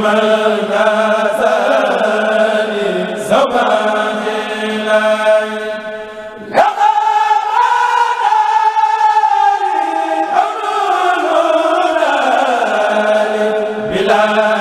ma la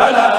wala